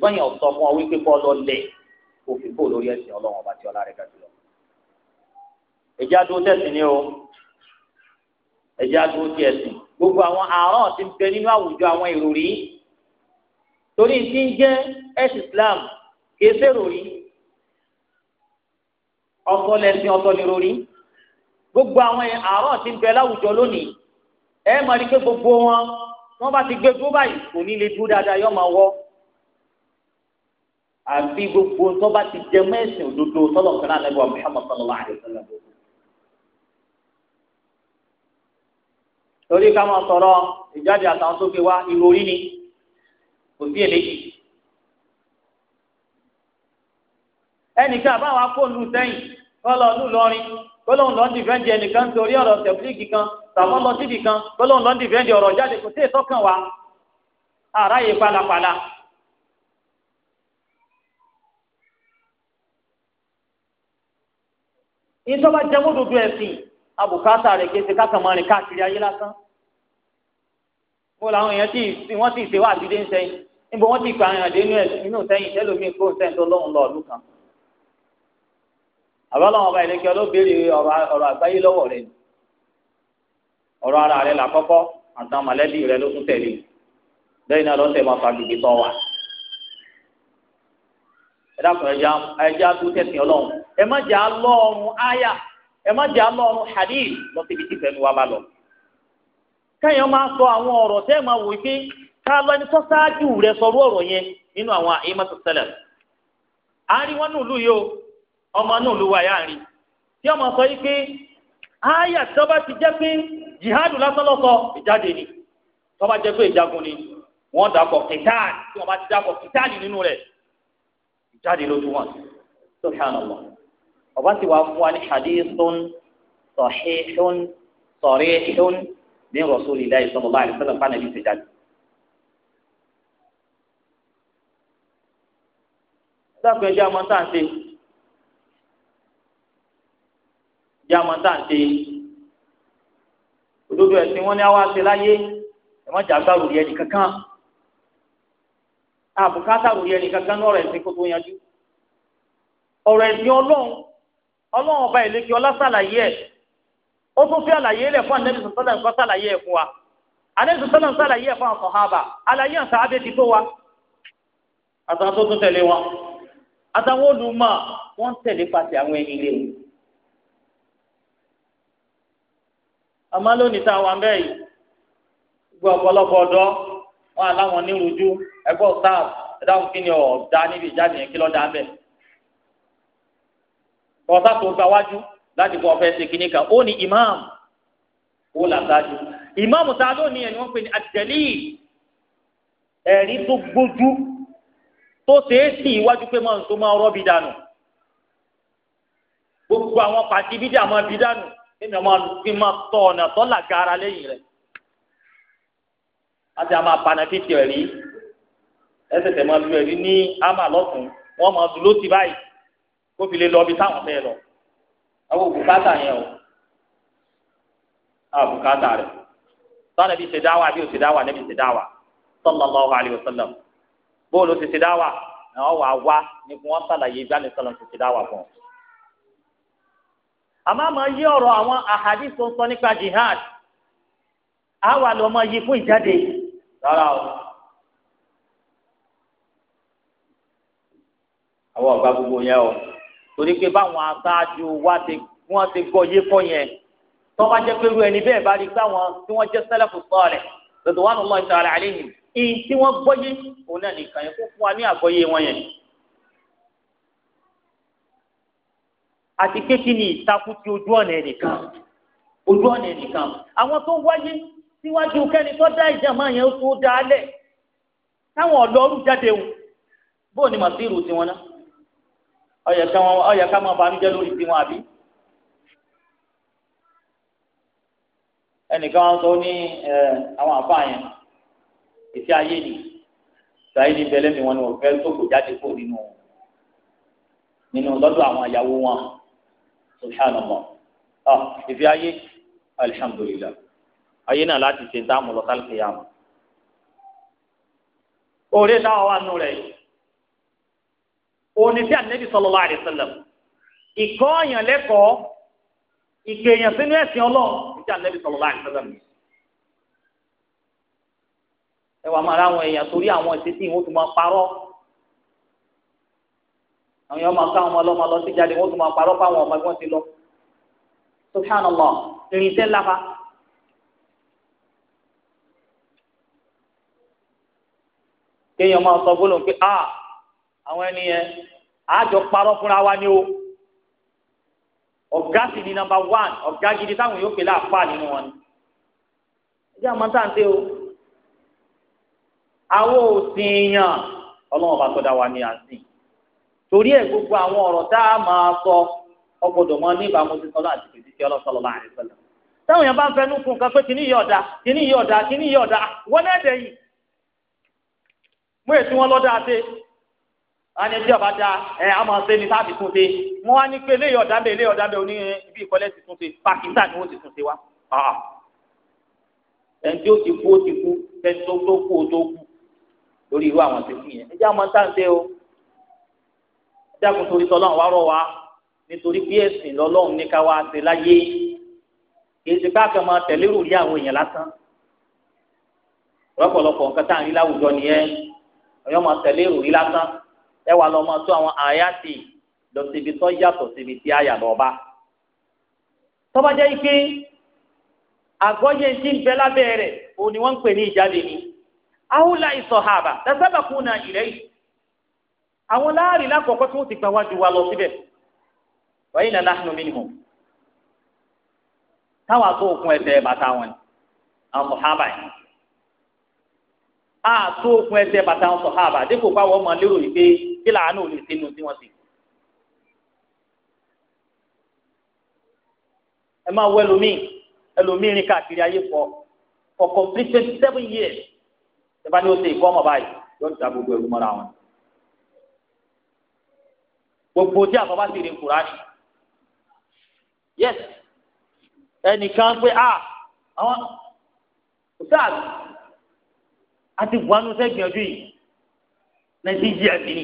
ṣùgbọ́n yẹn sọ fún ọ wípé kọ́ lọ lẹ̀ kó fi kó lórí ẹ̀sìn ọlọ́run ọba tí ọlá rẹ̀ ga jùlọ. ẹ̀jẹ̀ adúró tẹ̀sìn ni o ẹ̀jẹ̀ adúró ti ẹ̀sìn gbogbo àwọn àárọ̀ ti ń bẹ nínú àwùjọ àwọn ìròrí torí ti ń jẹ́ ẹ̀sìn Islam kìí sèròrí ọ̀tọ̀ lẹ̀sìn ọ̀tọ̀ nìròrí gbogbo àwọn àárọ̀ ti ń bẹ láwùjọ lónìí ẹ máa rí pé gbogbo wọn wọn bá ti gbé dúró báyìí kò ní lè dúró dáadáa yóò máa wọ́ àfi gbogbo tó bá ti jẹ mẹ́sìn òdodo tọ́lọ̀ fẹ́ràn àlẹ́bùwà Muhammad sallallahu alaihi wasallam. torí ká máa sọ̀rọ̀ ìjáde àtàwọn tó fi wá ìròrí ni kò sí èléyìí. ẹnìkan àbáwọn afọ́nù sẹ́yìn kọ́lọ̀ ọ̀nù lọ́rin kọ́lọ̀ lọ́n dìfẹ́ǹdì ẹnìkan torí ọ̀rọ̀ tẹ̀blíìkì kan tàbọ̀n lọ síbì kan kọ́lọ̀ lọ́n dìfẹ́ǹdì ọ̀rọ̀ jáde kò sí ètò kan wá. àráyè pálapàla. ìjọba jẹmọ́ dúdú ẹ̀sìn abùkátà rẹ̀ kéṣe kákàmọ́ rìn káàkiri ayé lásán bó làwọn èèyàn tí wọ́n ti ṣèwà àdídé ń sẹ́yìn níbo wọ́n ti pa àwọn àdé inú sẹ́yìn tẹ́lómìn kó sẹ́yìn tó lọ́hùn lọ́ọ̀lù kan àbálọ́wọ́n ọba ìlẹ́kẹ́ ọlọ́bẹ̀rẹ̀ ọ̀rọ̀ àgbáyé lọ́wọ́ rẹ̀ ọ̀rọ̀ ara rẹ̀ làkọ́kọ́ àtàwọn mọ̀lẹ́bí rẹ̀ ló tún tẹ̀lé lẹ́yìn náà lọ́sẹ̀ máa fagidi tọ́ wa ẹ̀dá kan ẹja ẹja tó tẹ̀sìn ọlọ́run ẹ má jẹ́ alọ́ ọ̀run áyà ẹ má jẹ́ alọ́ hadith lọ síbi tí fẹ́mi wa bá lọ. káyọ̀ máa sọ àwọn ọ̀rọ̀ tẹ́ ẹ máa wò pé ká lọ ẹni rẹ sọ ọ̀rọ̀ yẹn nínú àwọn àìmọ́tò sẹlẹ̀. a rí wọn nùlù yìí o ọmọ nùlù wa rí tí sọ yìí pé bá jihadu lásán ni bá ni wọ́n dàpọ̀ kìtáàlì tí bá ti dàpọ̀ kìtáàlì nínú ìjáde ọba sì wá fún wa ní hadithun sahihun sarihun ní rasulillahi sallallahu alaihi wasallam fún ànábì ṣèjáde. dáàbò ẹjẹ àmọ́ tá à ń ṣe ẹjẹ àmọ́ tá à ń ṣe òdodo ẹ̀sìn wọn ni àwa ṣe láyé ẹ má jàgbá rò yẹ àbùkátà rò yẹ nìkankan ní ẹ̀sìn kó yanjú ọ̀rọ̀ ẹ̀sìn Ọlọ́run ọlọ́run ọba ìlẹ́kẹ́ ọlá sàlàyé ẹ̀ ó tún fi àlàyé rẹ̀ fún ànẹ́bí sọ̀tọ́lá nǹkan sàlàyé ẹ̀ fún wa ànẹ́bí sọ̀tọ́lá nǹkan sàlàyé ẹ̀ fún àwọn sọ̀hábà àlàyé tó wa àtàwọn tó tún tẹ̀lé wọn àtàwọn olùmọ̀ wọ́n tẹ̀lé pàṣẹ àwọn wọn. àmọ́ lónìí tá a wà bẹ́ẹ̀ yìí gbọ́ ọ̀pọ̀lọpọ̀ ọ̀dọ́ wọn àláwọn kọ́sá tó gba wájú láti kọ́ ọ̀fẹ́ ṣe kìíní kan ó ní ìmáàmù ó là sáájú ìmáàmù tá a ló ní ẹni wọ́n pè ní àtẹ̀lí ẹ̀rí tó gbójú tó ṣeé sì iwájú pé máa ń tó máa rọ́bì dànù gbogbo àwọn pàtí bídíà máa bí dànù nínú ọmọ fi máa tọ ọ̀nà tọ́là gara lẹ́yìn rẹ̀ àti àmà panakìtì ẹ̀rí ẹsẹ̀ tẹ̀ máa lu ẹ̀rí ní àmà lọ́sùn wọ́n máa dúró ti báyìí kó fi lè lọ ibi táwọn fẹ́ lọ àwọn òbúkátà yẹn o àwọn òbúkátà rẹ sọ́nà bí ṣèdáwà bí òṣèdáwà níbi ṣèdáwà sallallahu alaihi wasallam bóòlù ti ṣèdáwà àwọn wà wá ní kí wọ́n sàlàyé ìbánisọ̀lọ̀ ti ṣèdáwà fún un. àmọ́ àmọ́ yí ọ̀rọ̀ àwọn àhàdí tó ń sọ nípa jihad àwa lọ́mọ yìí fún ìjáde rárá o. àwọn ọ̀gá gbogbo yẹn o torí pé báwọn aṣáájú wa ti wọ́n ti gbọ́ yé kọ́ yẹn tó bá jẹ́ pé irú ẹni bẹ́ẹ̀ bá rí táwọn tí wọ́n jẹ́ sẹ́lẹ̀fù sọ́ọ̀lẹ̀ lọ́dọ̀ wọn lọ́ọ́ ìtàn àlẹ́ àlẹ́ yìí ìyìn tí wọ́n gbọ́ yé òun náà nìkan yẹn kó fún wa ní àgbọ́yé wọn yẹn. àti pé kí ni ìtakùn ti ojú ọ̀nà ẹnìkan ojú ọ̀nà ẹnìkan àwọn tó wáyé síwájú kẹ́ni tó dá ìjàmbá yẹn tó dá lẹ̀ táwọn ọ̀dọ́ ọ̀rù jáde wò bóò ni màsírù tiwọn náà ọyẹ ká wọn ọyẹ ká máa banújẹ́ lórí tiwọn àbí. ẹnìkan wọn sọ ní ẹ àwọn àfààyàn èsì ayé ni sàyè ní bẹlẹ mi wọn ni wọn fẹ́ sóko jáde kó nínú nínú lọ́dọ̀ àwọn ìyàwó wọn subhanallah ọ ìfẹ́ ayé alihamudulilayi ayé náà láti ṣe ń tá a mọ̀ lọ́kàlùkì yà mọ̀. oore táwọn wà nù rẹ̀ yìí òní sí ànábì sallallahu alaihi wasallam ìkọ́ ọ̀yàn lẹ́kọ̀ọ́ ìkẹyàn sínú ẹ̀sìn ọlọ́run sí ànábì sallallahu alaihi wasallam ẹ wà máa ráwọn èèyàn torí àwọn ìṣesí ìwọ́n tó máa parọ́ àwọn èèyàn máa ká wọn lọ́mọ lọ sí jáde wọ́n tó máa parọ́ fáwọn ọmọ ẹgbọ́n ti lọ subhanallah irinṣẹ́ láfa. kéèyàn máa sọ gbólóhùn pé a ah, àwọn ẹni a àjọ parọ́ fúnra wa ni o Ọgá sì ni nọmba wán Ọgá gidi táwọn yóò pè nínú wọn ni ẹjẹ́ àmọ́ tá o àwọn bá wa ni à torí ẹ̀ àwọn ọ̀rọ̀ tá a máa sọ ọgbọ́dọ̀ mọ ní sọlá àti fèsì sọlá táwọn bá ń fẹnu kan pé yìí ọ̀dà kíní yìí ọ̀dà kíní yìí ọ̀dà wọn ní tí ọba da ẹ àmọ ṣe ni sáàbì tún ṣe wọn wá ní pé ilé ọ̀dà bẹ ilé ọ̀dà bẹ oní ibi ìkọlẹ̀ ti tún ṣe Pakistan ni wọ́n ti tún ṣe wá. ẹni tí ó ti kú ó ti kú ẹni tó tó kú ó tó kú lórí irú àwọn ṣe fi yẹn ẹ jẹ́ àmọ́ ń ṣe o ẹ jákun torí tọ́lọ́run wá rọ̀ wá nítorí bí ẹ̀sìn lọ́lọ́run ní ká wá ṣe láyé kì í ṣe pé àkàmọ́ tẹ̀lé rò rí àwọn èèyàn lásán rọ́pọ̀lọpọ̀ nǹkan tá à ń rí láwùjọ nìyẹn ọ̀yọ́ máa tẹ̀lé rò lásán ẹ wà lọ́mọ tó àwọn àyàtì lọ síbi tó yàtọ̀ síbi lọ tọ́ba jẹ́ ike àgọ́yé tí ń bẹ lábẹ́ rẹ̀ òun ni wọ́n ń pè ní ìjáde ni. ahùlà na ìrẹ́ yìí. àwọn láàrin lákọ̀ọ́kọ́ tí ti gbà wa lọ síbẹ̀. wáyé nàlá hànú táwọn àtọ́ òkun ẹsẹ̀ bàtà àtó okun ẹsẹ̀ bàtà wọn sọ hábà dípò káwọn ọmọ lérò yìí pé kí làánú lè sínú tí wọn sì. ẹ máa wọ ẹlòmíì ẹlòmíì rìn káàkiri ayé fọ for complete twenty seven years ẹ bá ní o ṣe ìkọ́ ọmọ báyìí yóò ta gbogbo ẹrù mọ́ra wọn. gbogbo tí àbá bá ti rìn kúránì yes ẹnìkan pé a ah, àwọn sáà a ti wà nù sẹ́gbìn ọdún yìí nàìjíríà ní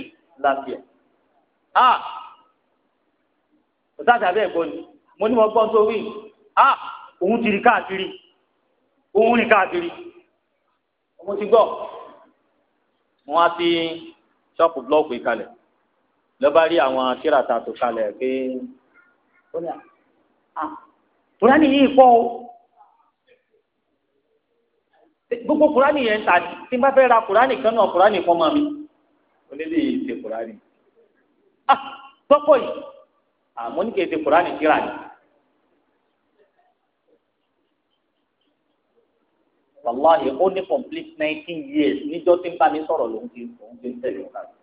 láfíà a kò sáà tàbí ẹ̀gbọ́n ni mo ní wọn gbọ́n sórí a òun ti rí káàkiri òun rí káàkiri mo ti gbọ́ wọn á fi ṣọ́ọ̀pù blọọkù yìí kalẹ̀ lọ́ba rí àwọn tíratà tó kalẹ̀ pé ó ní à. Ah, Kùránì yìí pọ̀ o gbogbo kurani yẹn ta ni tí n bá fẹ́ ra kurani kan náà kurani kan mọ̀ mi onílé yìí ṣe kurani ah tọ́pọ̀ yìí àmọ́ ní kì í ṣe kurani kíra ni. wàláhì ó ní complete nineteen years níjọ́ tí ń bá mi sọ̀rọ̀ lòun ti òun ti ń tẹ̀lé òun láti.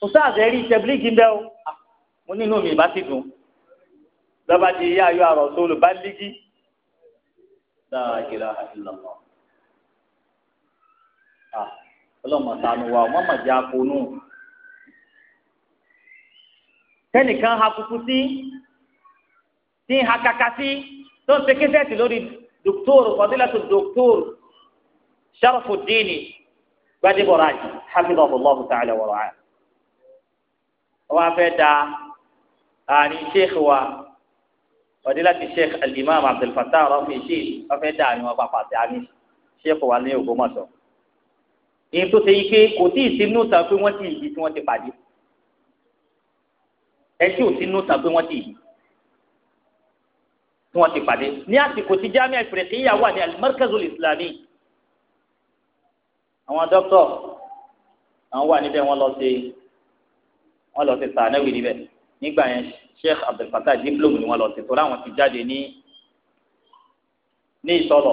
sùsáàzì ẹ̀rí ìṣẹ́bílíìgì ń o ah, mo nínú mi ìbá ti dùn lọ́ba di yá ayọ́ àrọ̀ sóòlù bá lígí dáa kìlá àìlọ́mọ. ọlọ́mọ sànù wa ọmọ màjá ponú. tẹnìkan ha kúkú sí tí ń ha kaka sí tó ń ṣe kẹ́sẹ̀tì lórí dòktóòrù fadilatu dòktóòrù Sharafuddini Gbadebo Raji hafidhahullahu ta'ala wa ra'ah. wọ́n á da àárín sheikh wa ọdí láti sheikh al-imam abdulfatah rafi sheikh ọfẹ dà ní wọn pàpà tí a ní sheikh wa ní Ògbómọ̀ṣọ́ ìyẹn tó ṣe yí pé kò tí ì sí núta pé wọn ti yìí tí wọn ti pàdé ẹ tí ò sí núta pé wọn ti yìí tí wọn ti pàdé ní àsìkò tí jamiu afirikiyya wà ní al islami àwọn dókítà àwọn wà níbẹ̀ wọn lọ sí wọn lọ sí sànẹwì níbẹ̀ nígbà yẹn sheikh abdulfatah diplom ni wọn lọ sí torí àwọn ti jáde ní ní ìsọlọ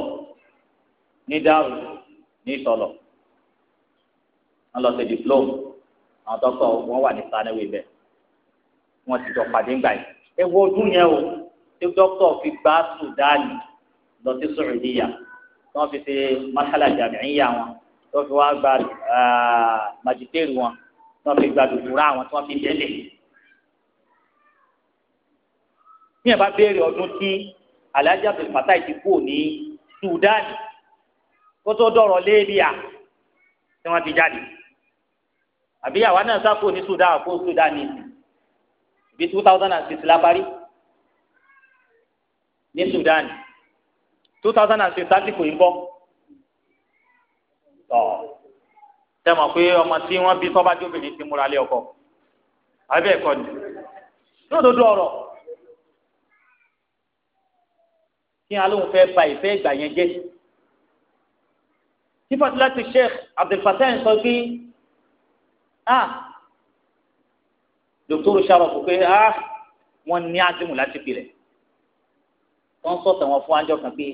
ní dáhùn ní ìsọlọ wọn lọ sí diplom àwọn dókítà wọn wà ní sanéwì bẹ́ẹ̀ wọn ti jọ pàdé ńgbà yìí ẹ wo ọdún yẹn o tí dókítà fi gba sudani lọ sí sùrìdíyà tí wọn fi ṣe masala jamiya wọn tí wọn fi wá gba ah, majiteri wọn tí wọn fi gba dùkúrà wọn tí wọn fi délé. bí ẹ bá béèrè ọdún tí alhaji abdul fatai ti kú ní sudan kó tó dọ̀rọ̀ lébíà tí wọ́n ti jáde àbí àwa náà sáfò ní sudan àpò sudan ní bí two thousand and six la parí ní sudan two thousand and six sásìkò yìí ń bọ̀ tọ́ tẹ́mọ̀ pé ọmọ tí wọ́n bí sọ́bàjọ́ obìnrin ti múra lé ọkọ àbí ẹ̀kọ́ ni lódodo ọ̀rọ̀. kí alóhùn fẹ́ ba ìfẹ́ ìgbà yẹn jẹ́ tí fatilati sheikh abdulfatah sọ pé ah dòkítọ́rù sàròfò pé ah wọ́n ní azimu láti pilẹ̀ wọ́n sọ̀tàn wọn fún anjọ́ kan pé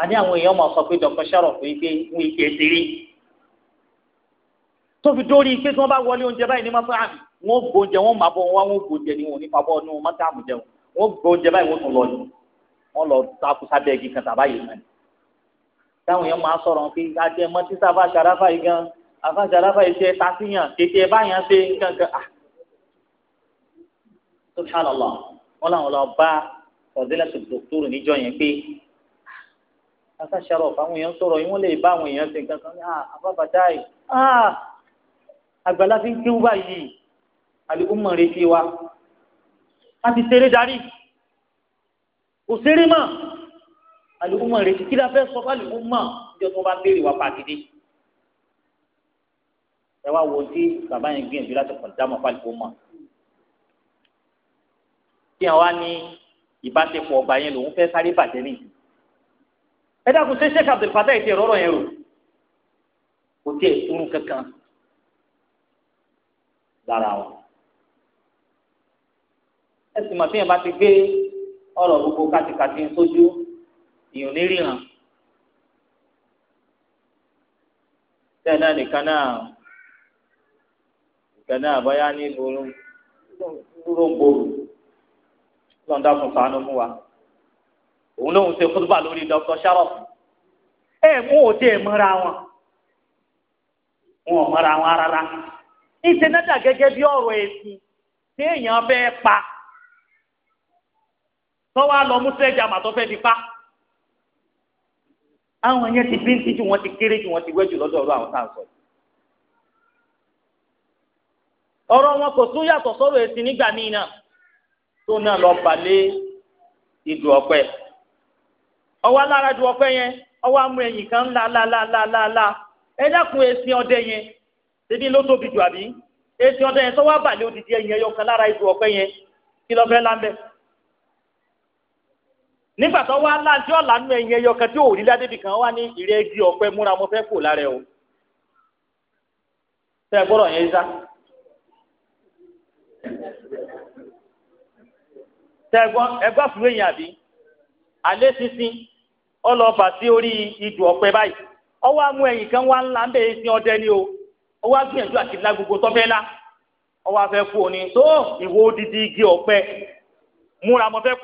a ní àwọn èèyàn máa sọ pé dòkítọ́rù sàròfò yìí pé wọ́n ìgbẹ́ ìṣeré tó fi dórí pé tí wọ́n bá wọlé oúnjẹ báyìí ní máa fẹ́ àmì wọ́n gbóúnjẹ wọ́n máa bọ̀ wọ́n wọ́n gbóúnjẹ ni wọ́n nípa bọ́ ọ́nú mọ́tàmù jẹun wọ́n gbóúnjẹ báyìí wọ́n tún lọ yìí wọ́n lọ takú sábẹ́ igi kan tàbá yìí kan táwọn èèyàn máa sọ̀rọ̀ pé àti ẹ̀mọ́ tí sábà ṣàráfà yìí gan àfà ṣàráfà yìí ṣe ta síyàn kékeré báyàn ṣe kankan ah subhanallah wọn làwọn lọ bá fọdílẹsì dòkítọrù níjọ yẹn pé ah, àfà ṣàròfà àwọn èèyàn sọ̀rọ̀ yìí wọ́n lè bá àwọn èèyàn ṣe kankan ah àfà bàtà yìí ah àgbàlá fi ń kéwú báyìí àlùkò mọ̀ retí wa a ṣeré darí kò sẹ́rí mà àlùkùmọ̀ rẹ̀ kí la fẹ́ sọ fún àlùkùmọ̀ níjọ́ tó bá béèrè wá pàdédé ẹ wá wo tí bàbá yẹn gbìyànjú láti kàn dá mọ̀ fún àlùkùmọ̀ kí ẹ wá ní ìbáṣepọ̀ ọgbà yẹn lòun fẹ́ sáré bàjẹ́ nìyí ẹ dákun ṣe Sheikh Abdul Fattah ìṣe rọrọ̀ yẹn rò kò tiẹ̀ túrú kankan lára wọn ẹ sì mọ̀ tí yẹn bá ti gbé ọ̀rọ̀ gbogbo kátikàti ń sójú ìyọ̀n níríran. tẹ́lẹ̀ nìkan náà nìkan náà bọ́yá ní ìgboro dúró ń borò lọ́ńdà fún fàánù fún wa òun lòun ṣe kútùbà lórí Dr. Sharaf ẹ mú òde ẹ mọ́ra wọn wọn mọ́ra wọn rárá ìṣe gẹ́gẹ́ bí ọ̀rọ̀ èsì tí èèyàn fẹ́ pa tọ́wọ́ á lọ mú sẹ́jà màtọ́ fẹ́ fi pa àwọn yẹn ti bíntín jù wọ́n ti kéré jù wọ́n ti wẹ́ jù lọ́dọ̀ ọ̀rọ̀ àwọn sáǹsọ̀ yìí ọ̀rọ̀ wọn kò tún yàtọ̀ sọ̀rọ̀ èsì nígbà míì náà tó náà lọ balẹ̀ ìdù ọ̀pẹ ọwọ́ alára ju ọ̀pẹ yẹn ọwọ́ amú ẹ̀yìn kan ńlá lálálálá ẹ dákun èsì ọdẹ yẹn ṣebí ló tóbi jù àbí èsì ọdẹ yẹn sọ wá balẹ̀ odidi ẹ̀yìn ẹyọ kan lára ìdù ọ̀pẹ yẹn kí ló fẹ́ lábẹ́ nígbà tó wá láti ọ̀la nù ẹ̀yìn ẹyọ kan tí òòrí ládébì kan wá ní ìrẹ́ igi ọ̀pẹ múra mo fẹ́ lára o tẹ́ gbọ́dọ̀ yẹn sá èèyàn àbí alẹ́ sísìn ọlọ́ọ̀bà sí orí idù ọ̀pẹ báyìí ọwọ́ amú ẹ̀yìn kan wá ńlá tọ́fẹ́ ọwọ́ afẹ́ fún òní igi ọ̀pẹ múra mo fẹ́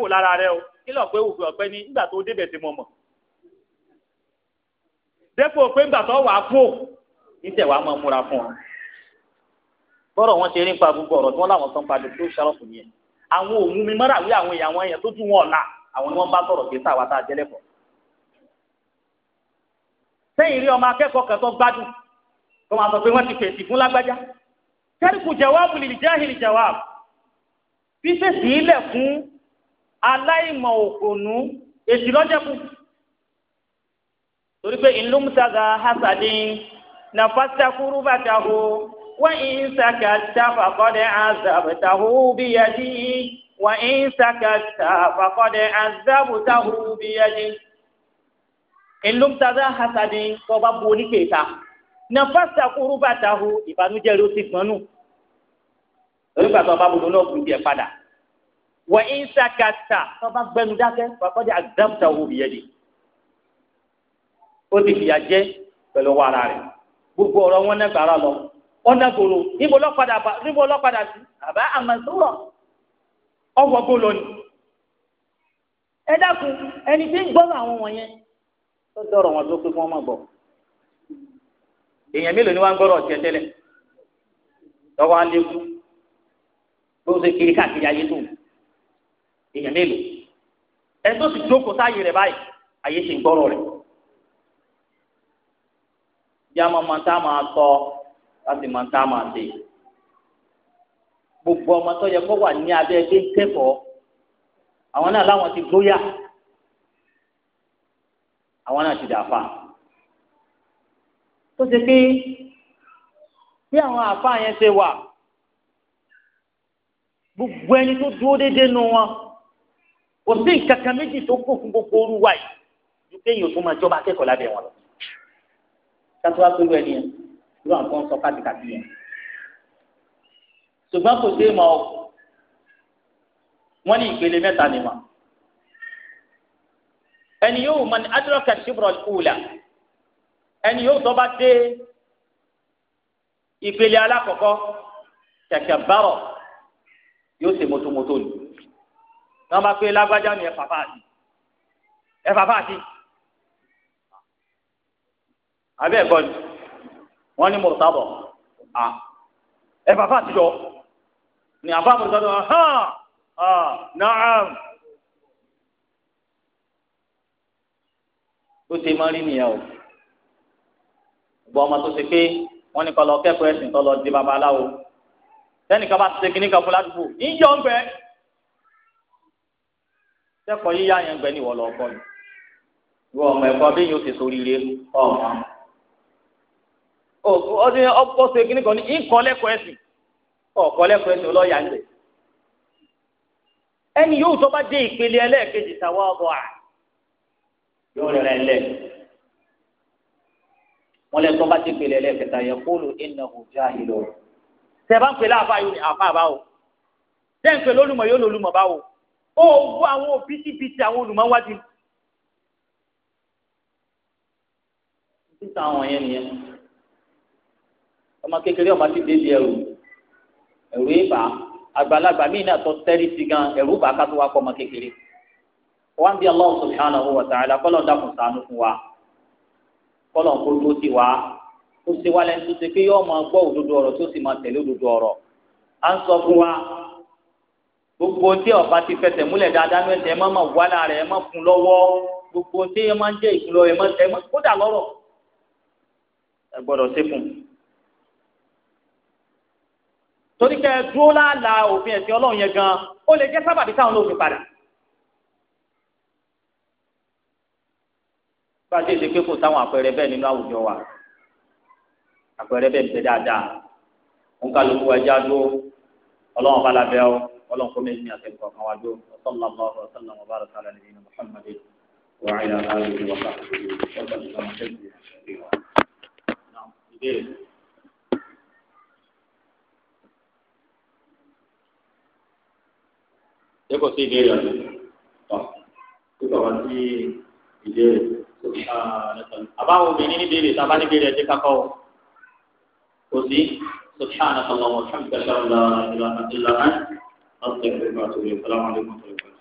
kí lọ pé òfin ọ̀pẹ ní nígbà tó débẹ̀ tí mo mọ̀ dépò pé nígbà tó wàá fò níṣẹ́ wàá máa múra fún ọ bọ́rọ̀ wọn ṣe rí nípa gbogbo ọ̀rọ̀ tí wọ́n láwọn padà tó ṣàròkùn yẹn àwọn òun mi mọ́ra wí wọn ọ̀la àwọn ni wọ́n bá sọ̀rọ̀ kí sáà wá tá a jẹ́ ọmọ akẹ́kọ̀ọ́ kan tó gbádùn tó máa sọ pé wọ́n ti fèsì fún lágbájá fífèsì ilẹ̀ fún aláìmọ̀ òkònú èsì lọ́jẹ̀kù torí pé ìlúmùsàgà hasadin nàfàṣàkúrú bàtàhó wọ́n ń sàkàtà fàkọ́dẹ̀ àzàbẹ̀tàhó bíyàdí wọ́n ń sàkàtà fàkọ́dẹ̀ àzàbẹ̀tàhó bíyàdí ìlúmùsàgà hasadin kọba bu oníkèéta nàfàṣàkúrú bàtàhó ìbànújẹ́ ló ti gbọ́nù torí pàtó ọba bu lọ́ọ̀kùn jẹ padà wà ń ṣàkàtà tọ́ba gbẹnu dákẹ́ fàkọ́jà àgbàmùtà owó bìyẹn ni ó ti fìyà jẹ pẹ̀lú ọwọ́ ara rẹ̀ gbogbo ọ̀rọ̀ wọn náà gbàrà lọ ọ̀nà gbòòrò níbo lọ́padà bá níbo lọ́padà sí àbá àmàsúrọ̀ ọwọ́ gbòòrò ni ẹ dákun ẹni tí ń gbọ́rọ̀ àwọn wọ̀nyẹn tó dọ̀rọ̀ wọn tó pé kí wọ́n má gbọ́ èèyàn mélòó ni wọ́n gbọ́rọ̀ tiẹ̀ tẹ́lẹ̀ lọ́wọ́ á lékún ló ń kiri káàkiri ayé tó èèyàn mélòó ẹni tó sì jókòó sáàyè rẹ̀ báyìí àyè sì ń gbọ́rọ̀ rẹ̀ bí a máa tá a máa sọ láti máa tá a máa ṣe gbogbo ọmọ tó yẹ kó wà ní abẹ́ ẹgbẹ́ kẹ́kọ̀ọ́ àwọn náà láwọn ti gbóyà àwọn náà ti dàáfà tó ṣe pé bí àwọn àáfà yẹn ṣe wà gbogbo ẹni tó dúró déédéé nu wọn kò sí nǹkan kan méjì tó kù fún gbogbo orú wa yìí ju kéèyàn tó máa jọba akẹ́kọ̀ọ́ lábẹ́ wọn lọ. kátó wá pẹ̀lú ẹni yẹn irú àwọn kan sọ kátikáti yẹn. ṣùgbọ́n kò sí ìmọ̀ wọn ní ìpele mẹ́ta ni wọn. ẹni yóò mọ ní adraka shibra al ẹni yóò tó dé ìpele alákọ̀ọ́kọ́ kẹ̀kẹ́ bárọ̀ yóò ṣe mọ́tòmọ́tò ni wọn bá pé lágbájá ni ẹfà fáàtì ẹfà fáàtì abẹ ẹkọ ni wọn ní mọtàbọ à ẹfà fáàtì yọ ní àbá mọtàbọ hàn hàn náà. tó ṣe máa rí nìyẹn o gbọ́ ọmọ tó ṣe pé wọ́n ní kọ́ lọ kẹ́kọ̀ọ́ ẹ̀sìn tó lọ di babaláwo tẹ́nìkan bá ti ṣe kínní kan fún ládùúgbò níjọ́ ń bẹ́ẹ̀ sẹ́kọ̀ọ́ yíyá yẹn gbẹ ní ìwọ lọ kọ́ ni ìwọ ọmọ ẹ̀kọ́ bí yóò ṣe sórí rẹ ọdún ọ̀pọ̀ ṣe kíní kan ní nǹkan ẹ̀sìn ọ̀kọ́ ẹ̀sìn ọlọ́yà ń lẹ̀. ẹni yóò tó bá dé ìpele ẹlẹ́ẹ̀kejì tàwa ọ̀bọ̀ à yóò rẹ̀ rẹ̀ wọ́n lẹ́ tó bá dé ìpele ẹlẹ́ẹ̀kẹta yẹ kóòlù innahu jahilun. tẹ̀ bá ń ń pè lólùmọ̀ yóò ó wọ àwọn òbítíbitì àwọn olùmọ̀wádìí. títa àwọn yẹn nìyẹn ọmọ kékeré ọmọ ti dé di ẹrù ẹrù yìí bá àgbàlagbà míì náà tó tẹ́rì sí gan ẹrù bá ká tó wá kọ́ ọmọ kékeré wọn bí Allah subhanahu wa ta'ala kọ́lọ̀ ń dàkún ṣàánú fún wa kọ́lọ̀ ń kó tó ti wá ó ṣe wá lẹ́nu tó ṣe pé yóò máa gbọ́ òdodo ọ̀rọ̀ tó sì máa tẹ̀lé òdodo ọ̀rọ̀ à ń sọ fún wa gbogbo tí ọba ti fẹsẹ̀ múlẹ̀ dáadáa ní ẹsẹ̀ ẹ má má wà lára ẹ má fún lọ́wọ́ gbogbo tí ẹ má ń jẹ́ ìfúnlọ ẹ má ẹ má kódà lọ́rọ̀ ẹ gbọ́dọ̀ ṣe fún. torí kẹ́ ẹ dúró láàlà òfin ẹ̀sìn ọlọ́run yẹn gan ó lè jẹ́ sábàbí táwọn olófin padà. bá a ṣe ṣe pé kò sáwọn àpẹẹrẹ bẹ́ẹ̀ nínú àwùjọ wa àpẹẹrẹ bẹ́ẹ̀ ń bẹ dáadáa òǹkàlùkù ẹja dúró ọlọ́run bá la bẹ́ ọ ọlọ́run kó méjì ní àtẹ̀kọ́ kankan wájú ọ̀sánlá bá ọ̀rọ̀ ọ̀sánlá wọn bá rẹ̀ sálẹ̀ níbi ní muhammadu wà á ilà láàyè wà á Dẹ́kọ̀ sí ìbéèrè ọ̀dọ́. Tọ́ kí bàbá sí ìbéèrè. Àbáwo obìnrin ní ìbéèrè sábà ní ìbéèrè ẹ̀jẹ̀ kakọ́ kò sí. سبحانك اللهم وبحمدك اشهد ان لا اله الا انت أصدق بما تقول السلام عليكم ورحمة الله